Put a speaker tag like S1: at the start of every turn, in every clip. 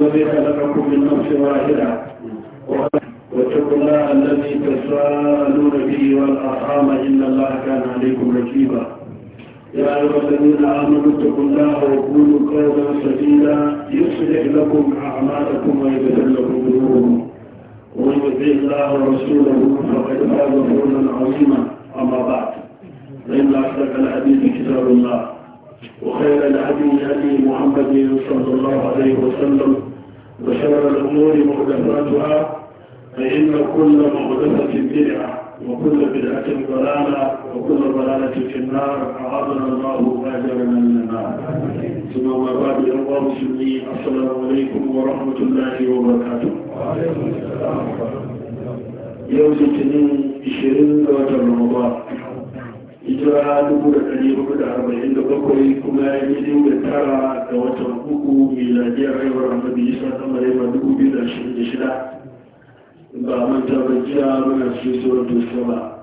S1: خلقكم من نفس واحدة واتقوا الله الذي تسالون به والأرحام إن الله كان عليكم رقيبا يا أيها الذين آمنوا اتقوا الله وقولوا قولا سديدا يصلح لكم أعمالكم ويغفر لكم ذنوبكم ومن يطع الله ورسوله فقد فاز فوزا عظيما أما بعد فإن أصدق الحديث كتاب الله وخير الهدي هدي محمد صلى الله عليه وسلم وشر الأمور مهدفاتها فإن كل مهدفة بدعة وكل بدعة ضلالة وكل ضلالة في النار أعاذنا الله أجرنا من النار ثم ما بعد الله مسلمين السلام عليكم ورحمة الله وبركاته وعليكم السلام ورحمة الله يوم الاثنين 20 رمضان hijira dubu da ɗari hudu da arba'in da bakwai kuma ya yi biyu da tara da watan uku miladiyar rayuwar annabi isa ta marema dubu biyu da ashirin da shida ba manta ba jiya muna cikin suratul saba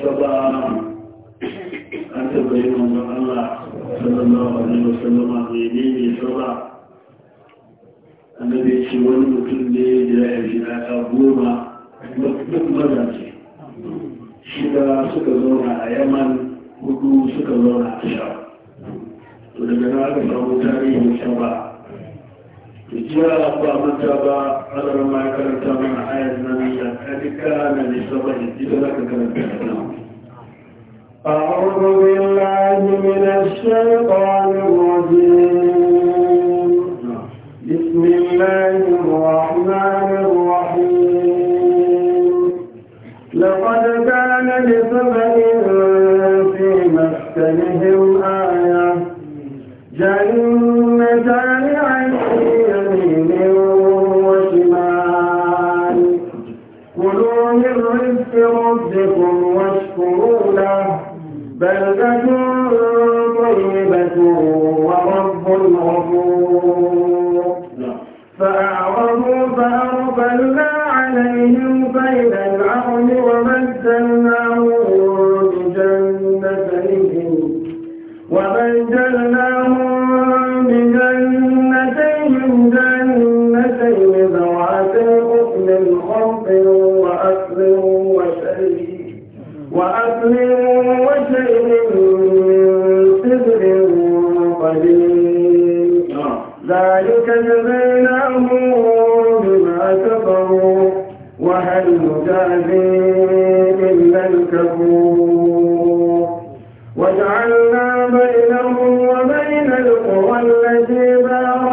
S1: saba an tabbayi manzon allah sallallahu alaihi wasallam menene saba annabi ya ce wani mutum ne da ya yi goma duk mazaje shida suka zauna a yaman hudu suka zauna a sha to daga na aka samu tarihin sha ba to jiya ba manta ba alar ma ya karanta mana ayar nan da kadika na nisa ba ne ita za ka karanta nan
S2: أعوذ بالله من الشيطان الرجيم بينهم وبين القرى التي بارك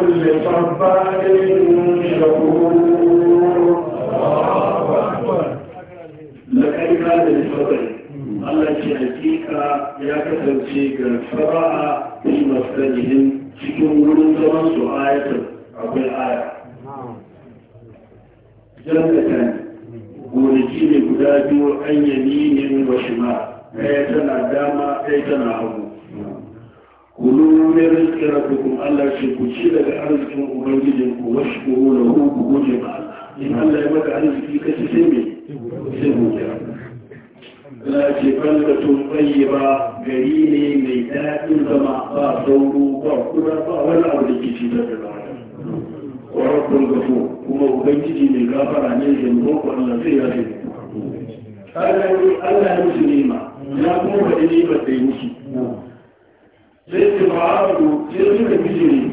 S2: كل صبار
S1: zubuta za tun balbatun ba gari ne mai daɗin zama ba sauro ba kuma ba wani abu da ke cutar da ba wa rabbul gafur kuma ubangiji mai gafara ne da mu ko Allah zai yafe Allah ne Allah ne su nima ya kuma faɗi nima da yanki sai ce ba abu sai suka bijiri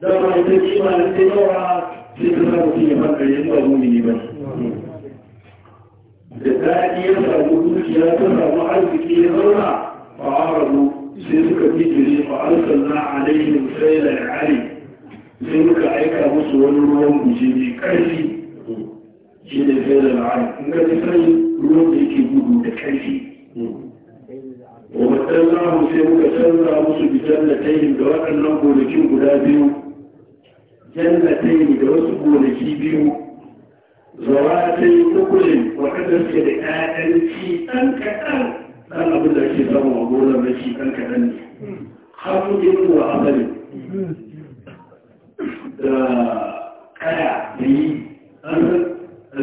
S1: da ba ita nima da sai yawa sai ta samu ya farka yin ba mu ne ba ne. da daɗi ya samu dukiya ta samu arziki ya zauna a rabu sai suka bijire ba an a laifin sai da ari sai muka aika musu wani ruwan guji mai ƙarfi shi da sai da ari in ka ji sai ruwan da yake gudu da ƙarfi wa matsalahu sai muka canza musu bijan da yi da waɗannan gonakin guda biyu jannatayn da wasu gonaki biyu zawatai ta yi kukulin waɗanda suke da ƴaƴan ci ɗan kaɗan ɗan abin da ke zama a gonar na ci ɗan kaɗan ne hannun yin wa asali da kaya da yi ɗan da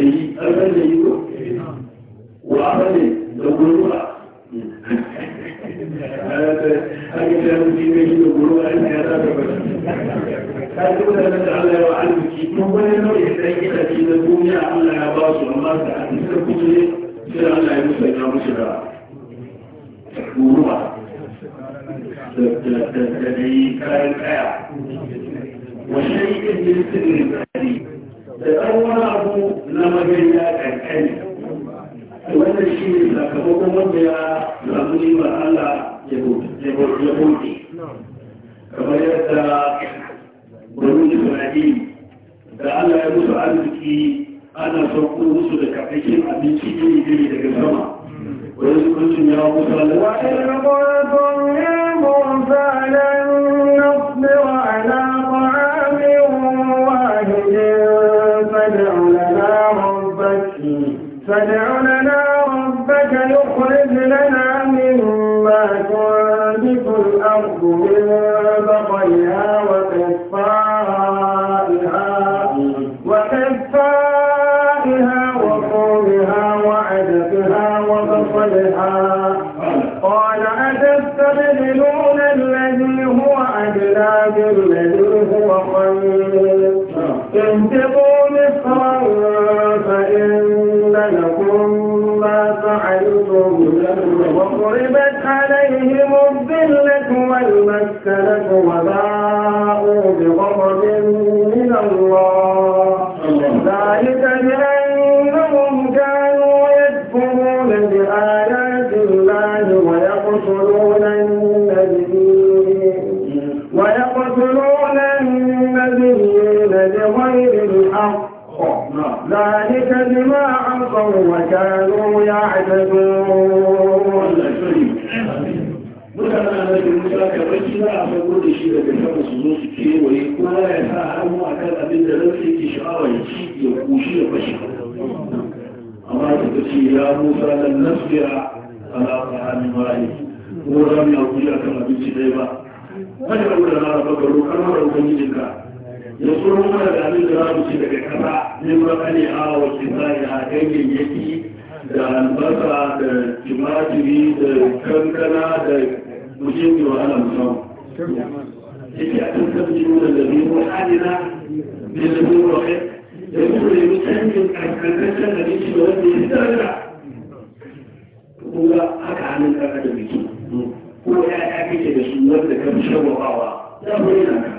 S1: yi da yi ko wa asali da gurba a ta da ta ta da na duniya Allah ya ba su amma da hadisa kuma sai Allah ya musa ya musu da ruwa da da yi kayan kaya wa shay'in min sirri da ɗan wani abu na magana
S2: بغضب
S1: ubangijinka ya mana da abin da za mu ci daga kasa ne makane a a ganyayyaki da albasa da timatiri da kankana da mutum da wahala musamman yake a kan kan da zabi halina da zabi ko kuma da canjin da da wanda ya kuma haka hannun kaka da biki ko ya ya kake da su wanda kan yi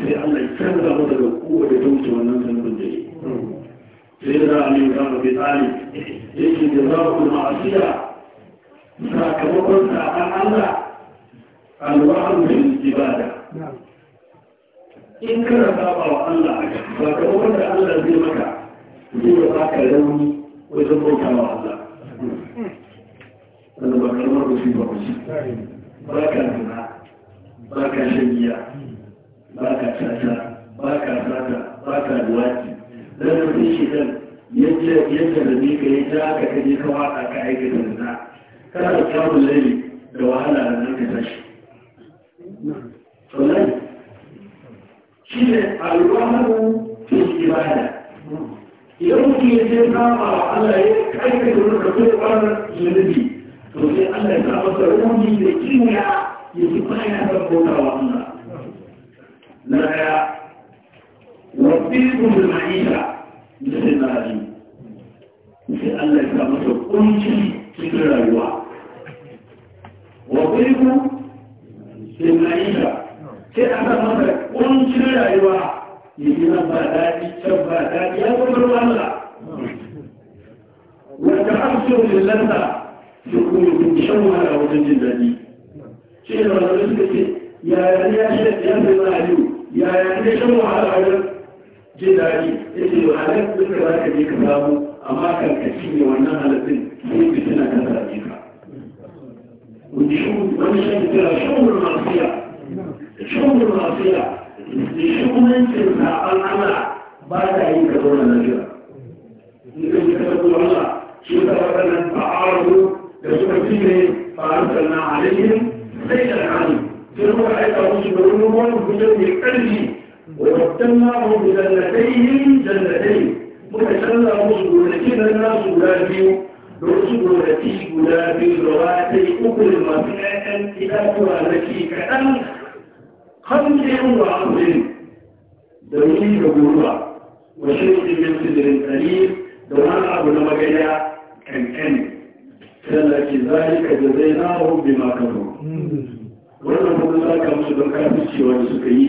S1: sai Allah ya canza mu daga kowa da ta wuce wannan zunubin da ya sai da za Ali ibn Abi Talib yake da zaku ma'asiya sakamakon sa'an Allah alwa'u bil ibada in kana saba wa Allah a sakamakon da Allah zai maka zai baka rauni wajen bauta wa Allah wanda ba kalmar musiba ba ce ba ka nuna ba ka shan giya ba ka sata ba ka sata ba ka duwaki don ka fi dan yadda da ni ka yi ta aka kaje ka waka ka aikata da na kana da kyawun laili da wahala da nan ka tashi sannan shi ne alwahamu fi ibada idan mutum ya ce ta kama Allah ya aikata wani kafin kwanar zunubi to sai Allah ya samu sarwani da kiwa ya ji baya don bautawa Allah na daya wafiqun bil ma'isha mutum na rayu sai Allah ya sa masa kunci cikin rayuwa wafiqun bil ma'isha sai a sa masa kuncin rayuwa ya yi nan ba daɗi can ba daɗi ya kuma Allah wata hafsir lillanta da kuma yi shan wahala wajen jin daɗi shi ne wanda suka ce ya ya shi ya zai ma aliyu ya ya ne shan wahala wajen jin daɗi ya ce yau halar duk da za ka je ka samu amma kan ka cinye wannan halattun sai ka tana ta zaɓe ka wani shan kira shugurin masiya shugurin masiya shugunancin zaɓen Allah ba ta yi ka zauna na jira in ka ji ka zaɓi Allah shi ta waɗannan ba'aru da suka fi ne fa'arsa na alaihim sai da hannu sai muka aika musu da wani ruwan hujjar mai ƙarfi wa yabtanna mu bi jannatayhi jannatayhi muka canza musu gonaki na nasu guda biyu da wasu gonaki guda biyu da wata uku da masu ƴaƴan itatuwa na ke kaɗan hamsin wa hamsin da wuri da gurba wa shirin min sidirin qalil da wani abu na magana kankan sai Allah ke zalika jazainahu bima kafaru wannan kuma ka musu don kafin cewa da suka yi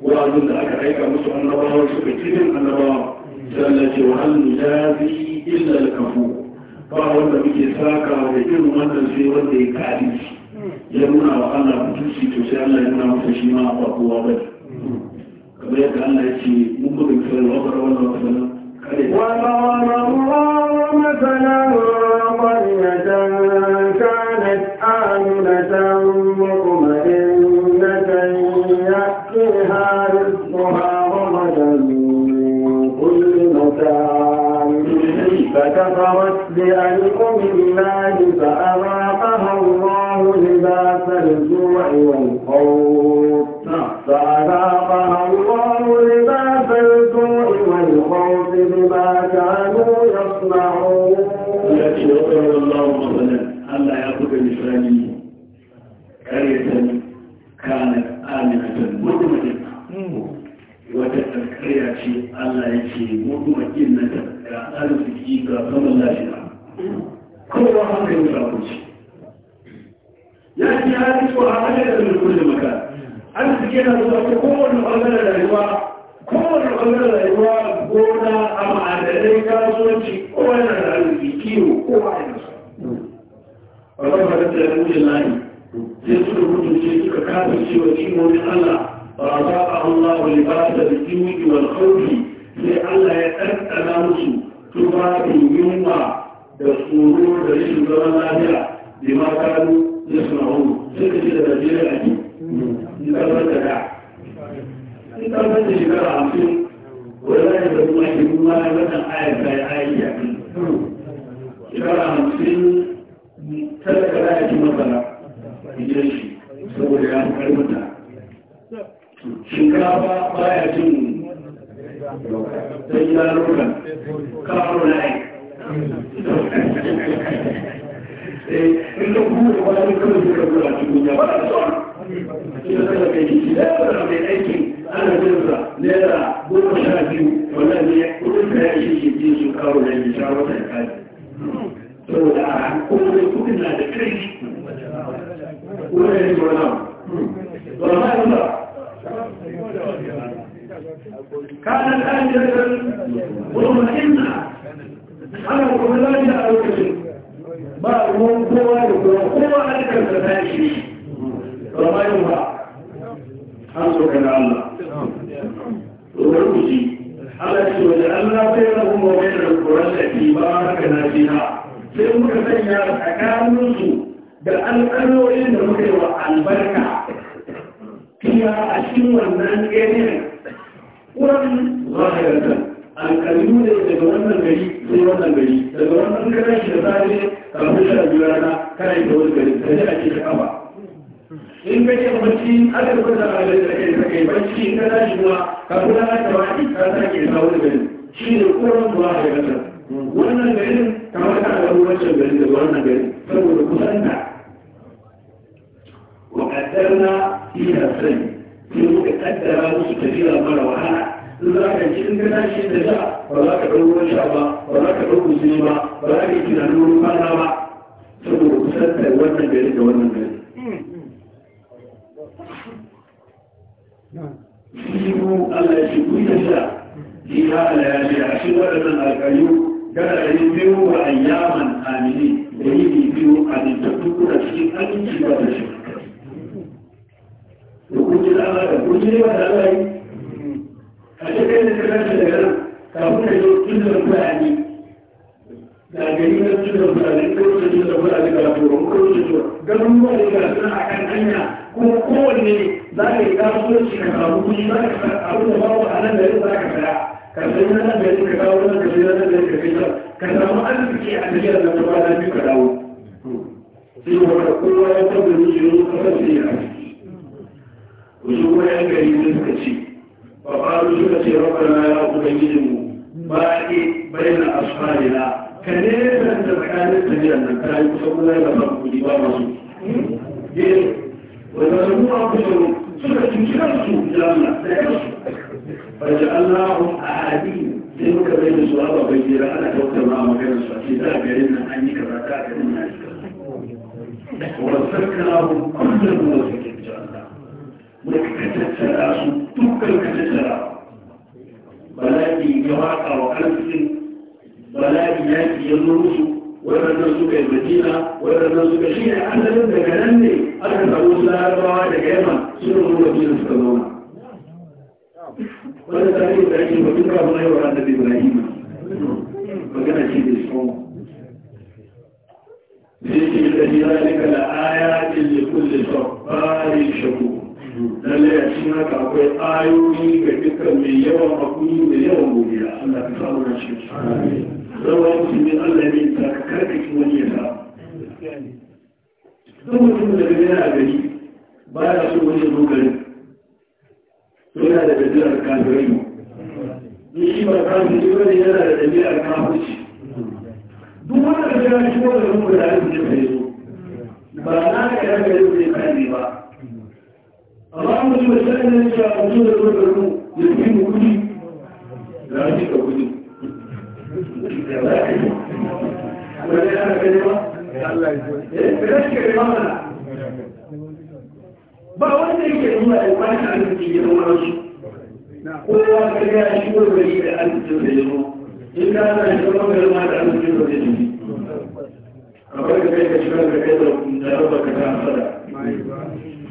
S1: wa'azin da aka aika musu annabawa suka cikin annabawa sallah ce wa hannu mujazi illa al-kafu ba wanda muke saka da irin wannan sai wanda ya kafirci ya nuna wa Allah mutunci to sai Allah ya nuna shi ma ba kowa ba kamar yadda Allah ya ce mun buga sai wa fara wannan masalan kare wa
S2: ma ma كفرت بأنكم الله فأذاقها الله لباس الجوع والخوف نعم. فأذاقها الله لباس الجوع والخوف بما كانوا يصنعون التي
S1: يقول الله مثلا ألا يأخذ الإسرائيلي قرية كانت آمنة مطمئنة وتتكريا شيء الله يشيء مطمئنة ga arziki ga zaman lafiya kowa haka yi shakunci ya ce ya fi so a hanyar da mulkul da maka arziki yana zuwa ko kowane ɓangaren rayuwa kowane ɓangaren rayuwa gona a ma'adanai kasuwanci kowa yana da arziki kiwo kowa yana so wannan ba da mulkin layi sai suka mutunce suka kafin cewa cikin wani allah ba za a Allah wa libasa da kiwo wal khawfi sai Allah ya ɗanɗana musu da yunwa da tsoro da rashin zama lafiya da ma karu da sunahun sai da shi da Najeriya ake in ƙarfar da da in ƙarfar da shekara hamsin zai da kuma shi kuma wannan ayar ta ya aiki ya kan shekara hamsin talaka za a ci masara gidan shi saboda ya fi ƙarfin ta shinkafa baya cin sai ya ruga kafin layi in da kuma kuma da da cikin ya ba da son shi da kada kai shi da ya da mai aiki ana jinsa naira goma sha biyu wannan ne kudin da ya shi shi ji su kawo da ya sha wata ya kaji saboda a kudin kudin na da kai kudin ya yi wani abu ba ma
S2: kanan ajiyar goma inna
S1: ana kuma lafiya a lokacin ba ruwan kowa da kowa kowa a cikin da ta shi ba ma yin ba
S2: an so kana Allah
S1: ruwan kuci Allah ce wajen Allah sai na kuma wani da kuran da sanya tsakaninsu da wa albarka fiya a cikin wannan wurin zahirarta alkalimu ne daga wannan gari sai wannan gari daga wannan kana shi da kafin wani gari ake in ka bacci da kai bacci in ka tashi kuma kafin ta ta wani gari shi ne wannan ta wancan gari gari saboda sai muka kaddara musu tafiya mara wahala in za ka ci in ka tashi da sha ba za ka ɗau ruwan sha ba ba za ka ɗau kusuri ba ba za ka yi tunanin wurin kwana ba saboda kusan kusantar wannan gari da wannan gari. Sibu Allah ya ce ku yi sha ina Allah ya ce a shi waɗannan alƙayu kada a yi biyu wa ayyaman amini da yi biyu a cikin aminci ba ta shi. hukuncin Allah da hukuncin yi a cikin da ta daga nan ka zo tun na da ko a kuma za za ka a nan ka na nan ka na a وشو كريمة كريم سكتي فقالوا سكتي ربنا يا رب أبنجم باقي بين أصحابنا كنيسة تبعان الجنة أن كان يقصون لنا فرق لبا رسول ويسمون أنفسهم سكتي جلسوا إلى لا يرسل فجعلناهم أحاديث sai بين bai da suwa ba bai jira ana tattauna a maganar su ce za a garin nan da ka tattara su dukkan ka tattara bala'i ya waka wa kalfin bala'i ya ki ya zo musu waɗannan suka yi madina waɗannan suka shi ne asalin daga nan ne aka samu larabawa daga yamma sun zo madina suka zauna wani tarihi da ake mutum kafin haihuwa da ibrahim magana ce da shi في ذلك لآيات لكل صبار شكور lallai a cikin haka akwai ayoyi ga dukkan mai yawan hakuri da yawan godiya Allah ka samu na shi zama musulmi Allah ne ta karkashi wani ya sa don mutum da gani na gari ba ya so wani zo gari yana da dabi'ar kafirai ne shi ba kafin shi wani yana da dabi'ar kafirci duk wanda ka shiga shi wanda zama da yanzu ne ba na ka yanka yanzu ne ba
S2: amma an da sai ne
S1: ya mutu da gurbin ya fi mu kudi da shi ka kudi Allah ya kare ba Allah ya kare ba ba wanda yake nuna da wani arziki ya nuna shi kowa ka ga shi gurbin da arziki da yau in ka na shi kuma da ma da arziki da yau akwai da kai ka shiga da kai da rabaka ta fada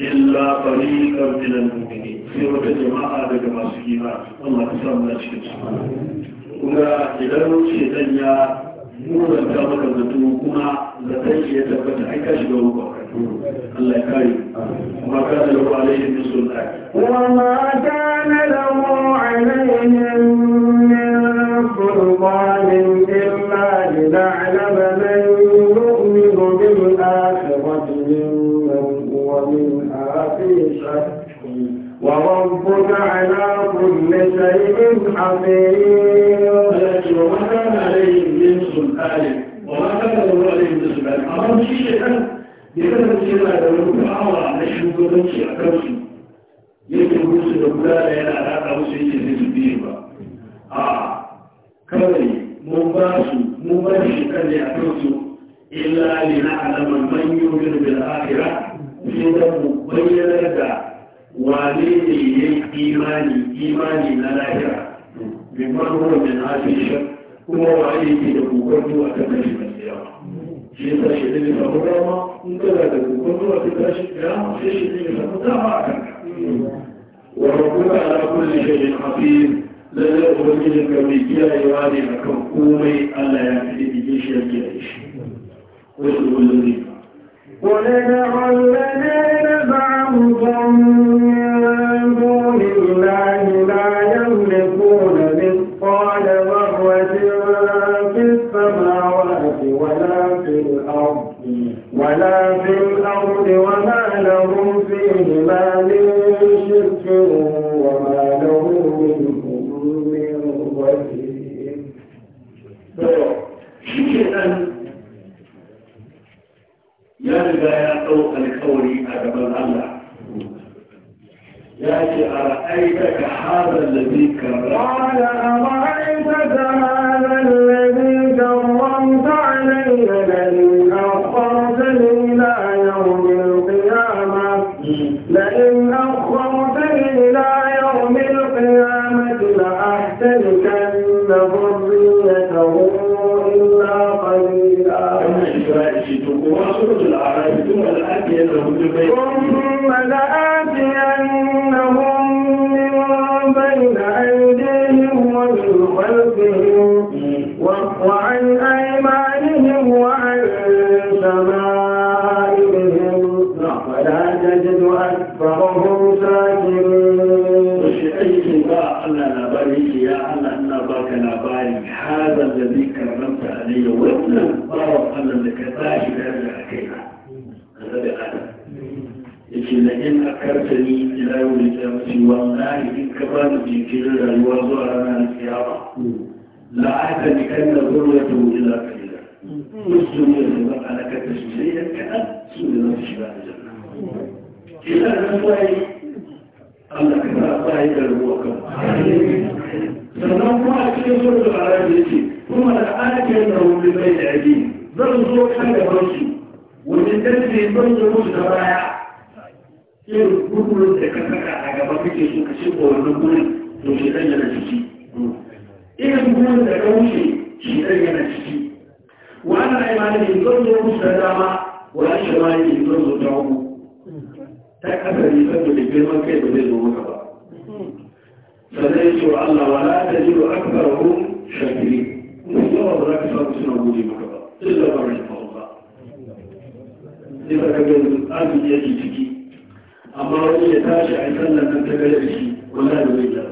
S1: إلا قليلا من المؤمنين سيرة جماعة لجماعة سكينة الله كسام نشكس ولا إذا ce sanya muranta maka zato kuma zaton shi ya tabbata ai ka shiga ruwa Allah ya kare ma kana lahu alaihim min sultan
S2: wa ma kana lahu alaihim حفيظ
S1: annabi ya ce wallahi in ka ba da jinkirin rayuwa zuwa ranar kiyama la aka ni kan da zuriya ta wuce za ka gida musu ne da ba alaka ta su sai da kaɗan su ne za su shiga da janna idan nan sai Allah ka ba ba yi da ruwa kan sannan kuma a cikin sunan arabi yake kuma da aka yi da wuri bai da yaji zan zo kan da barci wajen dalilin ban zo musu da baya irin gudunar da ka saka a gaba kake so ka shiga wannan gurin to shi dan yana ciki irin gurin da ka wuce shi dan yana ciki wa ana imanin zan zo musu da dama wa an shi mani zan zo ta hu ta kasari saboda girman kai ba zai zo maka ba sannan ce wa Allah wa la ta akbarahum shakiri ni ba za ka samu suna gode maka ba illa ba rai fa'uka. Ibrahim Azumi yake ciki amma wani ya tashi a sallar nan ta gare shi wala da zai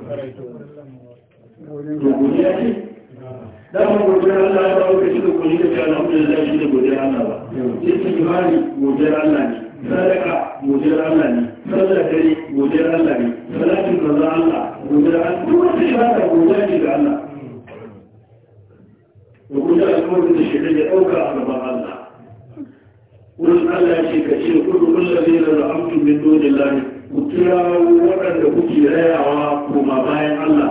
S1: Da to ya ce da mu godiya Allah ya ba ku kace da godiya ce alhamdulillah shi da godiya Allah ba istighfari godiya Allah ne sadaka godiya Allah ne sallar dare godiya Allah ne salatin manzo Allah godiya Allah duk wata ibada gobe ce ga Allah da kuma alƙawarin da shi ya dauka a gaban Allah wurin Allah ya ce ka ce kullu kullu kirawo waɗanda kuke rayawa kuma bayan Allah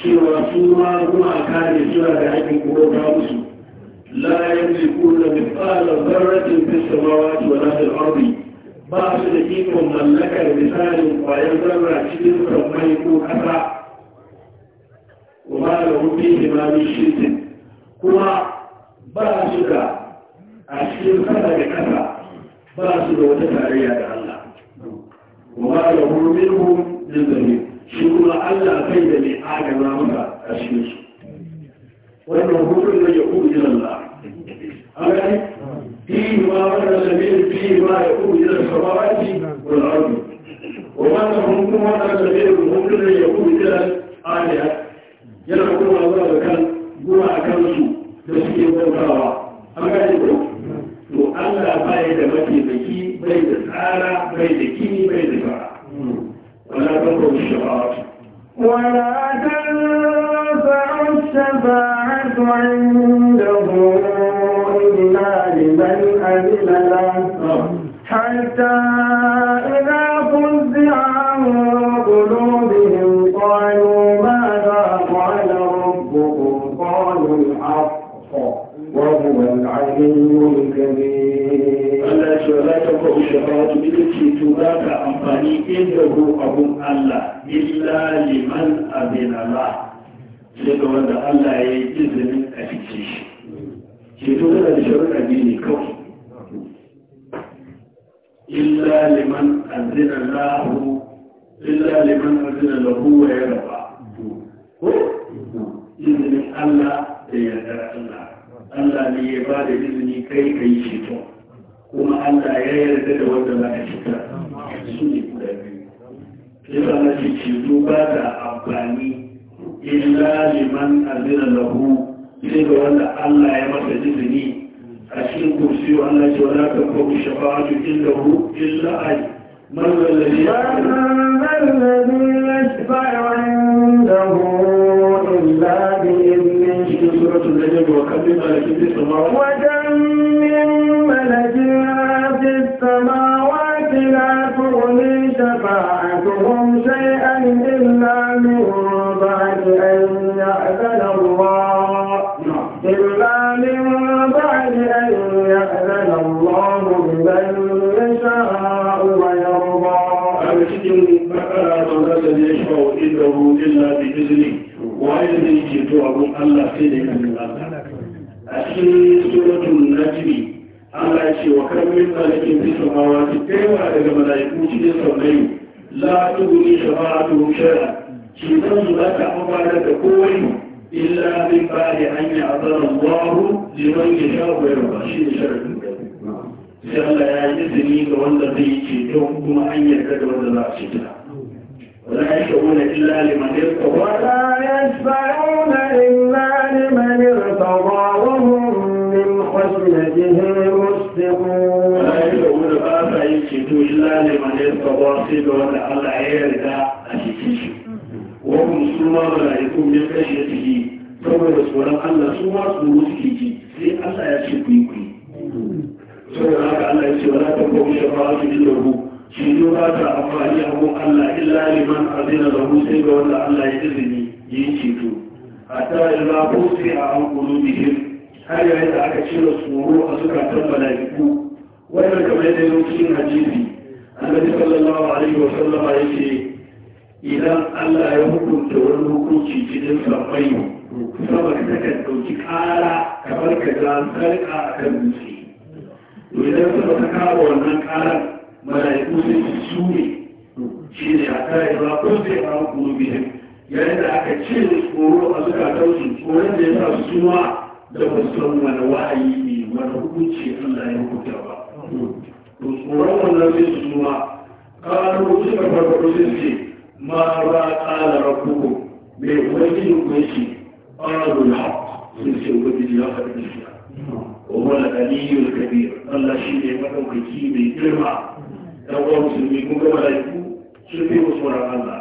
S1: cewa su ma gumaka ne suna da haƙin kurota musu la yamlikuna tsala dharratin fis samawati wa fil arbi ba su da ikon mallakar misalin kwayar zarra cikin sammai ko ƙasa kuma da hudu imamin shirkin kuma ba su da a cikin sama da ƙasa ba su da wata tarayya da وما له منهم من ذنب shi kuma Allah kai da mai agana maka a cikin wannan hukun da ya kuɗi Allah a gani fihi ma wannan sabirin fihi ma ya kuɗi da sabawati wal ardi wa wannan hukun wannan sabirin hukun da ya kuɗi da aliya yana kuma zuwa a kansu da suke bautawa to Allah bai da mataimaki bai da tsara bai da kini bai da fara wala tanfa'u shafa'atu
S2: wala tanfa'u shafa'atu indahu illa liman adina lahu hatta idza fuzza an qulubihim qalu madha qala rabbukum qalu al-haqq wa huwa al-'alim
S1: gane Allah ce za ta kwa shafa'atu bi ce to ba ka amfani inda ko abun Allah illa liman abin Allah sai ga wanda Allah ya yi izinin a cikin shi ceto yana da sharuɗa biyu ne kawai illa liman azina lahu illa liman azina lahu wa ya raba ko izinin Allah da yardar Allah Allah ne ya ba da izini kai ka yi ceto kuma Allah ya yarda da wanda ba a cika su ne guda biyu yasa na ce ceto ba da amfani illa liman azina lahu sai ga wanda Allah ya masa izini a cikin kursi wa Allah ce wala ka kawo shafa'atu illa hu illa ai man
S2: zalladhi man zalladhi yashfa'u indahu illa bi سورة وكم من ملك في السماوات لا تغني شفاعتهم شيئا إلا من بعد أن يأذن الله إلا من بعد أن يأذن الله لمن يشاء ويرضى. أمسكم ما أراد الذي يشفع
S1: إلا بإذنه waye zai ke ceto a gun Allah sai da ya nuna a cikin suratun najmi Allah ya ce wa karmin malakin fi samawa ta kaiwa daga malaiku cikin saurayi la tuguni shafa'atu shara shi zan su za ta amfana da kowai illa min ba da an yi azara Allahu liman ya sha wa shi ne sharadin sai Allah ya yi izini ga wanda zai ceto kuma an yarda da wanda za a ceto ولا يشفعون إلا
S2: لمن ارتضى وهم من خشيته مشفقون ولا يشفعون
S1: بابا يشفعوا إلا لمن ارتضى سيدنا لعل عيالنا أشيشه وهم سوى ملائكم من خشيته saboda tsoron Allah su ma tsoro suke ji sai Allah ya ce kuyi kuyi shiryu ba ta amfani a gun Allah illa liman azina lahu sai ga wanda Allah ya izini yi ceto a ta ila ko sai a an kulubihim har da aka cire tsoro a zukatan mala'iku wannan kamar yadda yau cikin hadisi annabi sallallahu alaihi wa sallama ce idan Allah ya hukunta wani hukunci cikin sammai sama ka kan dauki kara kamar ka ga sarka kan dutse to idan sama ta kawo wannan karar mala'iku ne su ne shi ne a kare ba ko zai kawo gurbi yayin da aka ce tsoro a zukatansu tsoron da ya sa su suma da wasu wani wa'ayi ne wani hukunci Allah ya hukunta ba to tsoron wannan zai su suma kanu suka farko sai ce ma ba kala rabbuku mai wajen kunshi ƙararul haq sun ce wajen ya faɗi gaskiya wa wala aliyu kabir Allah shi ne madaukaki mai girma dan uwan musulmi kun ga malaiku sun fi musu tsoron Allah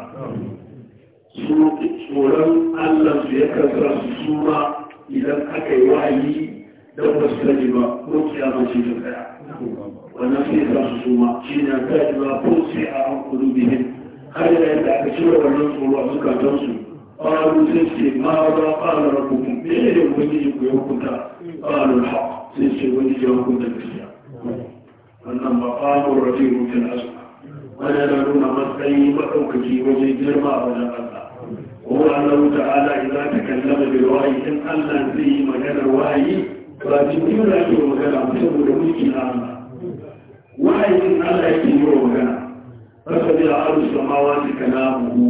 S1: su tsoron Allah su ya kankara su suma idan aka yi wahayi da ba sani ba ko kiyama ce ta kaya wannan sai sa su suma shi ne ta ba ko sai a an kudu bihin har yana yadda aka cire wannan tsoro a zukatansu قالوا سيسي ماذا قال ربكم إيه ولي يقول قالوا الحق سيسي ولي يقول الكسيا wannan maqamur rafi'u fil asma wanda na nuna matsayi maɗaukaki waje girma a wajen Allah ko Allah ala idan ta kallama bil wahyi in Allah zai yi maganar wahyi ba cikin da ke magana saboda mulki na Allah wahayin Allah yake yi wa magana haka bi a'aru samawati kalamuhu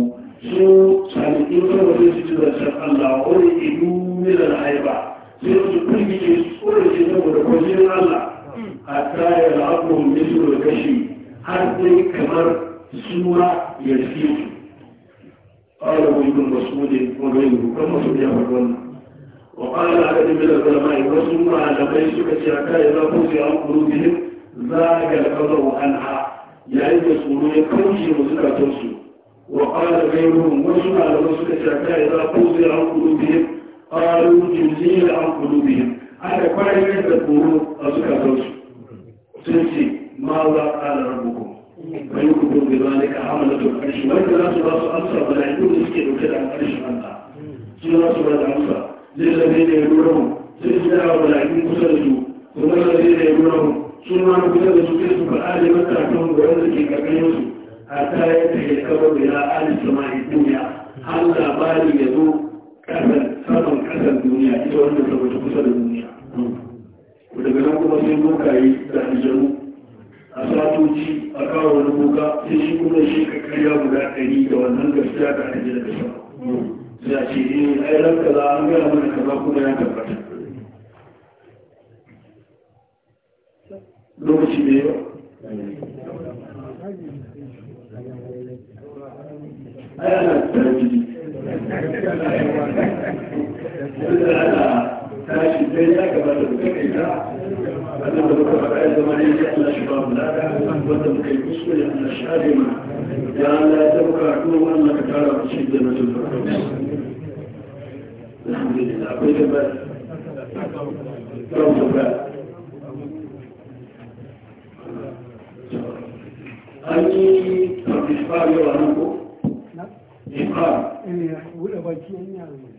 S1: su salihin kawai sai su da zancen Allah wani ilu milar haiba sai su kulmi ke su kore saboda kwajin Allah hatta ya la'abuhum mislu kashi har dai kamar sura ya fi su قال ابو بن a وغيره كما سمع بالظن وقال عدد من العلماء وسمى على بيت كشاكا اذا فزع عن قلوبهم زاغ القدر عنها yayin da tsoro ya kauce wa zukatansu wa ƙara gairuhun wasu malamai suka shaka ya za ko zai an kudu biyar ƙaru jimliyar an kudu aka kwarar da tsoro a zukatansu sun ce ma wa a ƙara rabuku yi kudu bai ba ne ka hamala da ƙarshe wanda za su ba su amsa ba da yi da suke dauke da an ta su za su ba da amsa zai zai ne ya lura mu sai su dawo da yi kusa da su kuma zai ne ya lura mu su ma kusa da su sai su faɗa da matakan ga wanda ke ƙarƙashin su a ta yi ta yi kawo da ya ali yi duniya har labari ya zo ƙasar saman ƙasar duniya ita wanda ta kusa da duniya. daga nan kuma sai yi da aljanu a satoci a kawo wani boka sai shi kuma shi ka karya guda ɗari da wannan gaskiya da ake da kasa sai a ce eh ai ran kaza an gaya mana kaza kuma ya tabbata lokaci da yawa ai ana tarbi da ana tashi sai ya gabata da kai ta wannan da muka faɗa ya zama ne ya Allah shi ba mu lada wanda muka yi kuskure Allah shi aje mana ya Allah ya dauka ko wannan ka tara ku shi da mutum alhamdulillah akwai da ba ba ba an yi participar yau a nan ko?
S2: Ifar.
S1: Eh, wuɗa baki yan yaro ne.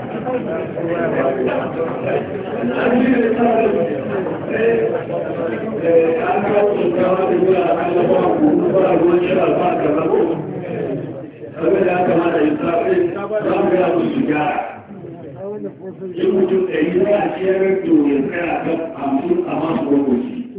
S1: Yin mutum ɗari za a ciyar da yanzu a kan hamsin a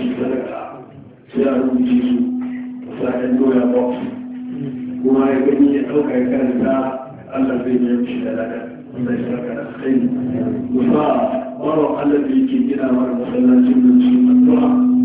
S1: shi sadaka sai a rubuce su a sa'ayin doya box kuma ya gani ya ɗauka ya karanta da ya saka da sai da yake gina mara masallacin nan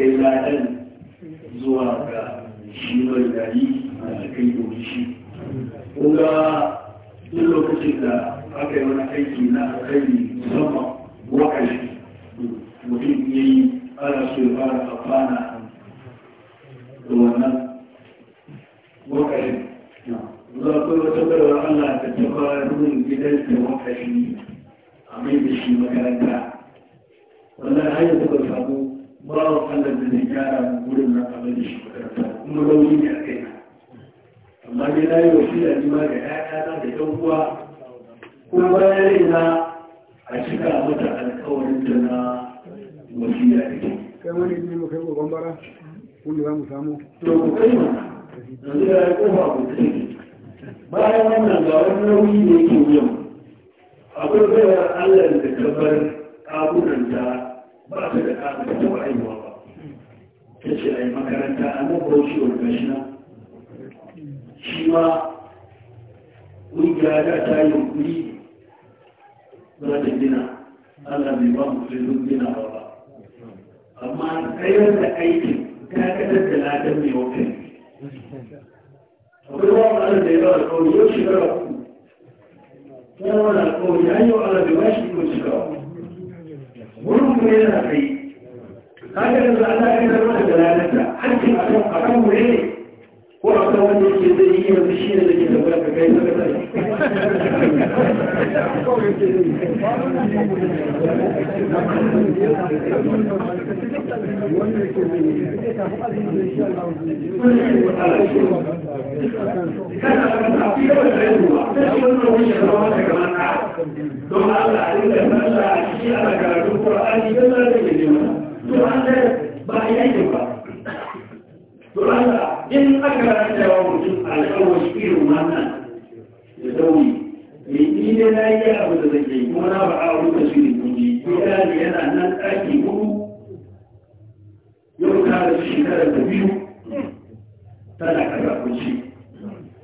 S1: kai ladan zuwa ga shi mai gari a cikin gobe shi kuma duk lokacin da aka yi wani aiki na alkhairi wasiya ni ga da uwa a cika mata alƙawarin da na wasiya da ke kai wani ne mu gogon bara wanda za mu samu to ku kai mana yanzu ya yi kofa ku kai bayan wannan ga wani nauyi da yake wuyan akwai bayar Allah da ba ta da ƙasa ta taɓa aiwa ba ta ce a yi makaranta a nan bauchi shi ma ƙungiya da ta yi kuri za ta gina Allah bai ba mu filin gina ba ba amma tsayar da aikin ta kadar da ladan mai wakai akwai wa ala da ya ba da kawai yau shigar uku ya ba da kawai ya yi wa Allah bai ba shi ko shiga wurin kuma yana kai ta kadar da Allah ya kadar da ladan ta aikin akan akan mu ne ko a kan wanda yake zai yi yanzu shi ne da ke zama ka kai saka sai don Allah a rinka sallah an ba yayi Allah in aka rasa wa mutum alƙawar irin wannan da dauri mai ne na yi abu da zai yi kuma na ba a wuta shirin kuji gida ne yana nan ɗaki hudu yau ta da shekarar da biyu tana karɓar kunci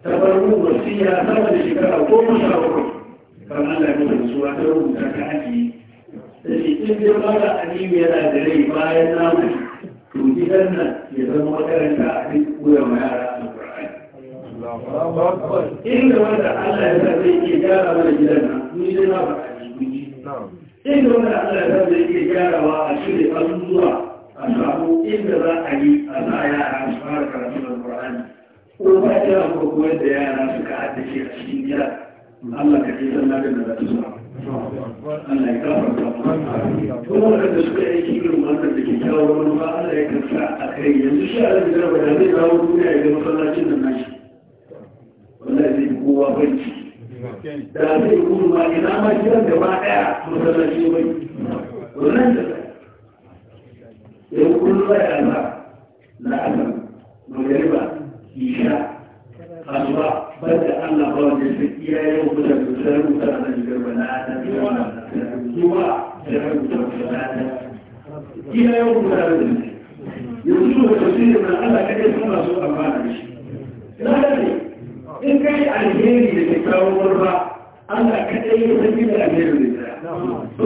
S1: ta bar mu wasiya sama da shekara goma sha bakwai kamar Allah ya mutu suwa ta rubuta ta ajiye da shi in dai mara aliyu yana da rai bayan namu to gidan nan ya zama makaranta a duk koya ma yara alƙur'ani inda wanda Allah ya zai iya gyara mana gidan nan ni dai na faɗa ne kuji inda wanda Allah ya zai iya gyarawa a shirya azuzuwa a samu inda za a yi a sa yara su fara karatun alƙur'ani ko ba ya ko koyar da yara suka haddace a cikin gida Allah ka ce sannan da za su samu Allah ya kafa kuma da da suka yi kikin matar da ke kawo wani ba Allah ya kafa a kai yanzu shi a zai zama da zai kawo duniya ya ga masallacin nan nashi wallahi zai kowa banci da zai kuma ma ina ma gidan gaba daya masallaci bai wannan da ya kullum ya Allah la'azam magariba isha فالله بدأ أن قول الفكية يوم الجسر وسأل الجبنات سوى سبب الجبنات إلى يوم الجسر يوجد تفسير من الله كيف سنة سوء أمان بشيء لا لدي إن كان الهيري لتكاور الله Allah kaɗai ya san gina alheri da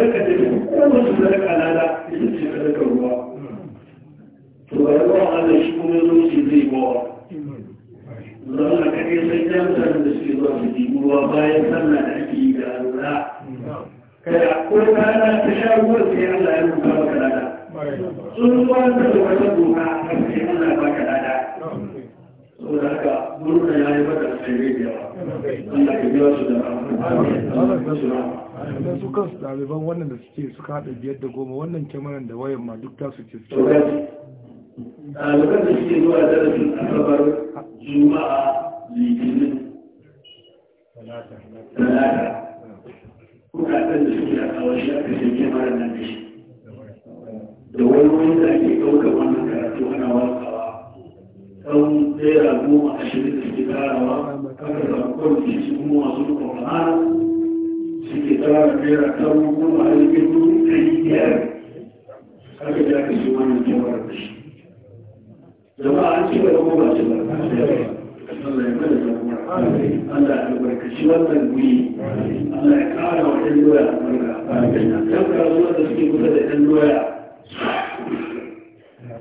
S1: sadaka da duk kowace sadaka lada ita ce sadaka ruwa to ga yawa Allah shi kuma yanzu shi zai bawa zama kaɗai sai ya mutane da suke zuwa su ji ruwa bayan sallah da ake yi da alura kada ko rana ta sha ruwa sai Allah ya rubuta maka lada sun zuwa da wata doka sai Allah ya baka lada saboda haka murna ya yi mata sai da yawa Allah ya biya su da rahama sannan su kansu ɗaliban wannan da suke suka haɗa biyar da goma wannan kyamaran da wayan ma duk tasu ce suke ɗaliban da suke zuwa darasin asabar juma'a litinin talata kuɗaɗen da suke a kawai shi aka shi kyamaran nan da shi da wani wani da ake ɗaukar wannan karatu ana watsawa ɗan ɗaya goma ashirin da suke karawa aka samu kwanci su kuma masu fara jera ɗan kuma a yi dubu ɗari biyar aka ja ka shi wannan jawar da shi jama'a an ce ba kuma ba ce ba Allah ya bada jagora Allah ya albarkaci wannan guri Allah ya ƙara wa ɗan doya albarka ɗan kasuwa da suke kusa da ɗan doya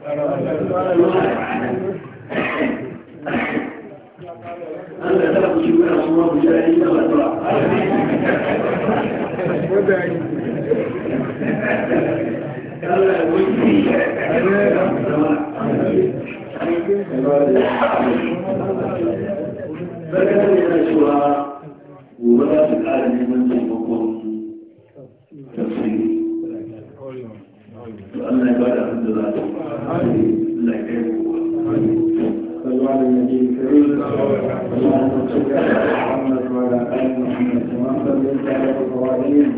S1: Allah ya sa ku shi wani asuwa ku shi a yi da ba Bakar yana cewa gobe za su ƙara neman taimakon tafsiri. To Allah ya ba da abin da za su. Allah ya kai وعلى على النبي الكريم اللهم صل على محمد وعلى ال محمد كما صليت على ابراهيم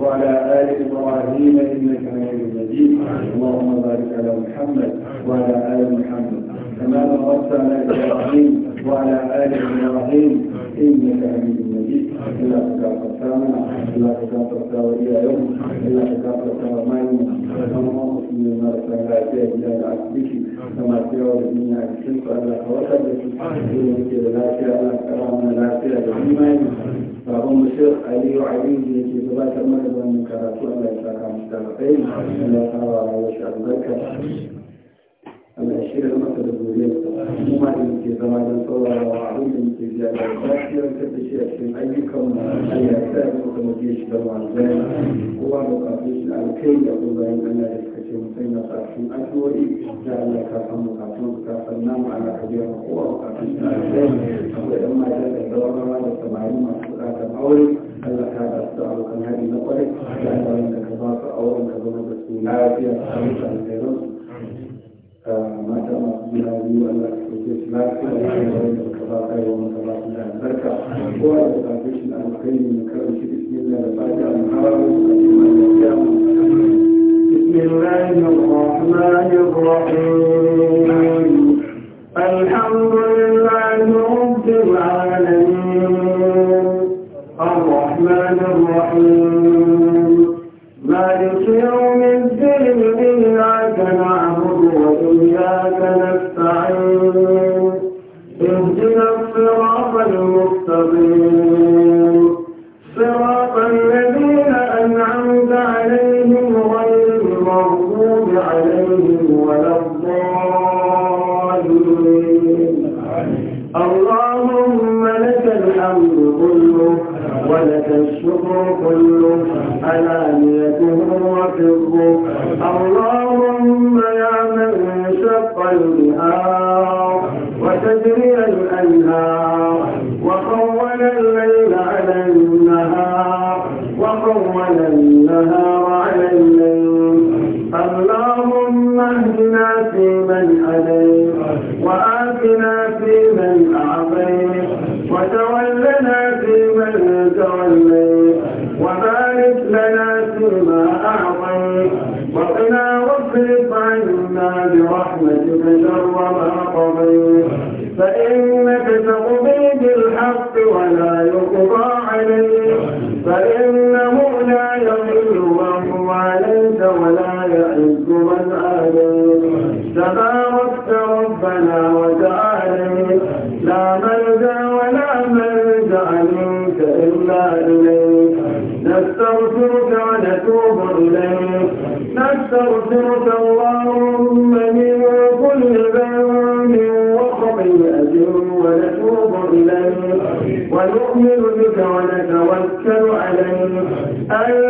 S1: وعلى ال ابراهيم انك حميد مجيد اللهم بارك على محمد وعلى ال محمد كما باركت على ابراهيم وعلى ال ابراهيم انك حميد مجيد الا تكافئ ثامنا الا تكافئ ثاوية يوم الا تكافئ ثاوية ما يوم اللهم اغفر لنا رسول الله العزيز كما في وزنيا الشمس على خواتب يوم كده لا في على كرامنا لا في على إيمان فهم الشيخ علي وعلي لكي تبات المرض من كراتو الله يساقى مستغفين الله تعالى ويشعر بركة الأشياء المقصد الدولية وما يمكن زمان صورة وعلوم يمكن زيادة الأشياء كل شيء في أيكم أي أساس وكما فيش دوام زين هو مقابل الكي يقول بأن الله ke mutum na sarfin addu'o'i da Allah ka san bukatun su ka san namu ka biya ma kowa bukatun su na akwai ɗan mata da zawarawa da samari masu bukatan aure Allah ka da su da abokan hari na kwarai da Allah da ka ba su auren ka zama da su lafiya da mutane da yanzu mata masu juna biyu Allah ka ɗauke su lafiya da yawan da ka ba ka yawan ka ba su da albarka kowa da bukatun shi na alkhairi na karanci bismillah da fata muhawarar
S2: da kuma da kyamu بسم الله الرحمن الرحيم الحمد لله رب العالمين الرحمن الرحيم مالك يوم الدين الصراط المستقيم صراط الذين أنعمت عليهم الحمد كله ولك الشكر كله على نيته وفضه اللهم يا من شق البهار وتجري الأنهار فإنك تقضي بالحق ولا يقضى عليه فإنه لا يضل من عليك ولا يعز من عليك تباركت ربنا وتعالى لا ملجا ولا ملجا منك إلا إليك نستغفرك ونتوب إليك نستغفرك المؤمن بتوكل عليه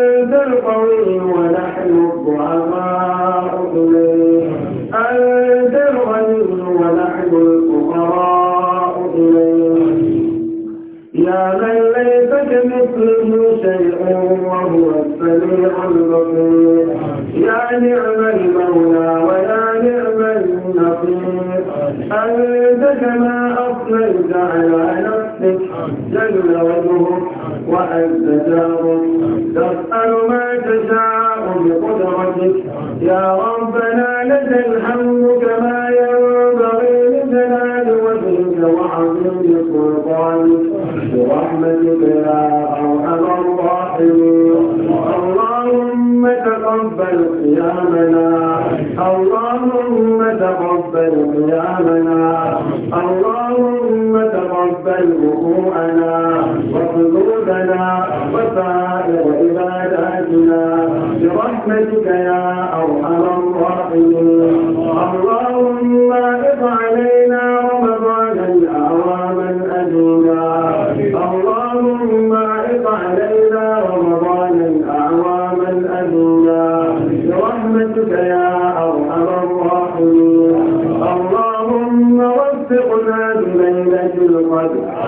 S2: صيامنا اللهم تقبل ركوعنا وقلوبنا وسائر عباداتنا برحمتك يا أرحم الراحمين اللهم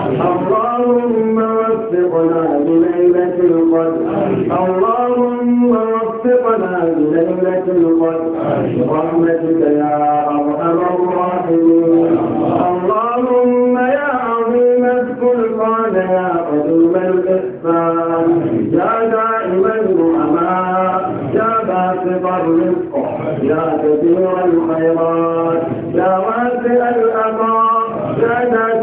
S2: اللهم وفقنا بليلة القدر اللهم وفقنا بليلة القدر برحمتك يا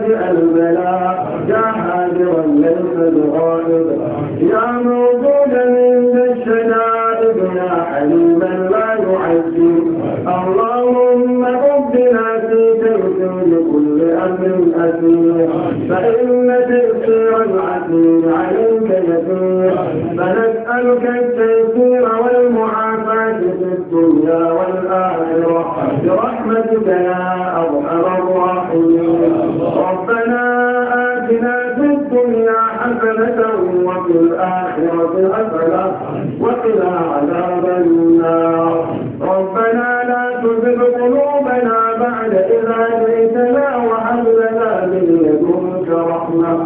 S2: يجعل بلا يا حاضرا ليس بغائب يا موجودا عند الشدائد يا حليما لا يعجب اللهم ربنا في تيسير كل امر اسير وقنا عذاب النار ربنا لا تزغ قلوبنا بعد إذا هديتنا وهب لنا من لدنك رحمة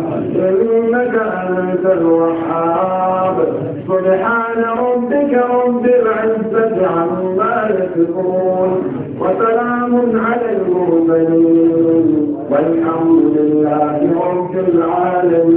S2: إنك أنت الوهاب سبحان ربك رب العزة عما يصفون وسلام على المؤمنين والحمد لله رب العالمين